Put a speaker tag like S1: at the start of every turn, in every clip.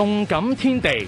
S1: 動感天地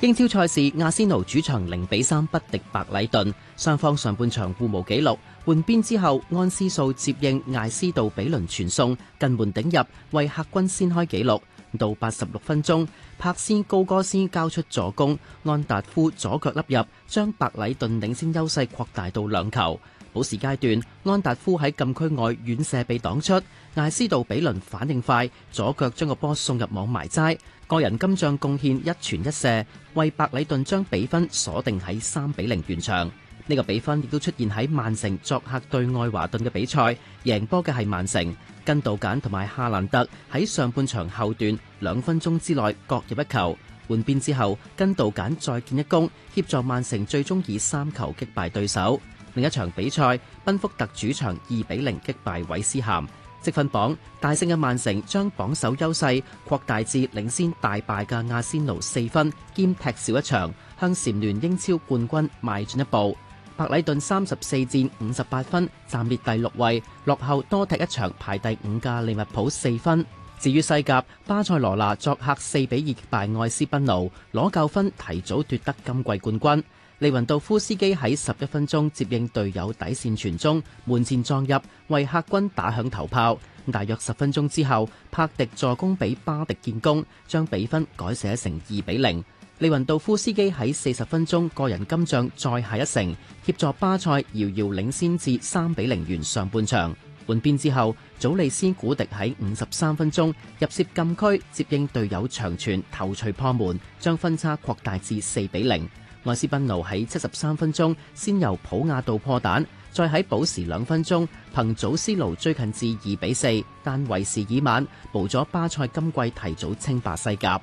S1: 英超賽事，阿仙奴主場零比三不敵白禮頓。雙方上半場互無紀錄，換邊之後，安斯素接應艾斯道比倫傳送近門頂入，為客軍先開紀錄。到八十六分鐘，柏斯高哥斯交出助攻，安達夫左腳粒入，將白禮頓領先優勢擴大到兩球。補時階段，安達夫喺禁區外遠射被擋出，艾斯道比倫反應快，左腳將個波送入網埋齋。個人金將貢獻一傳一射，為白禮頓將比分鎖定喺三比零完場。呢個比分亦都出現喺曼城作客對愛華頓嘅比賽，贏波嘅係曼城。根道簡同埋夏蘭特喺上半場後段兩分鐘之內各入一球，換邊之後根道簡再建一功，協助曼城最終以三球擊敗對手。另一場比賽，賓福特主場二比零擊敗韋斯咸。積分榜，大勝嘅曼城將榜首優勢擴大至領先大敗嘅阿仙奴四分，兼踢少一場，向蟬聯英超冠軍邁進一步。白禮頓三十四戰五十八分，暫列第六位，落後多踢一場排第五嘅利物浦四分。至於西甲，巴塞羅那作客四比二擊敗愛斯賓奴，攞夠分提早奪得今季冠軍。利雲道夫斯基喺十一分鐘接應隊友底線傳中，門前撞入，為客軍打響頭炮。大約十分鐘之後，帕迪助攻俾巴迪建功，將比分改寫成二比零。利雲道夫斯基喺四十分鐘個人今仗再下一城，協助巴塞遙遙領先至三比零完上半場。換邊之後，祖利斯古迪喺五十三分鐘入楔禁區，接應隊友長傳頭槌破門，將分差擴大至四比零。愛斯賓奴喺七十三分鐘先由普亞道破蛋，再喺補時兩分鐘憑祖斯奴追近至二比四，但為時已晚，無咗巴塞今季提早稱霸西甲。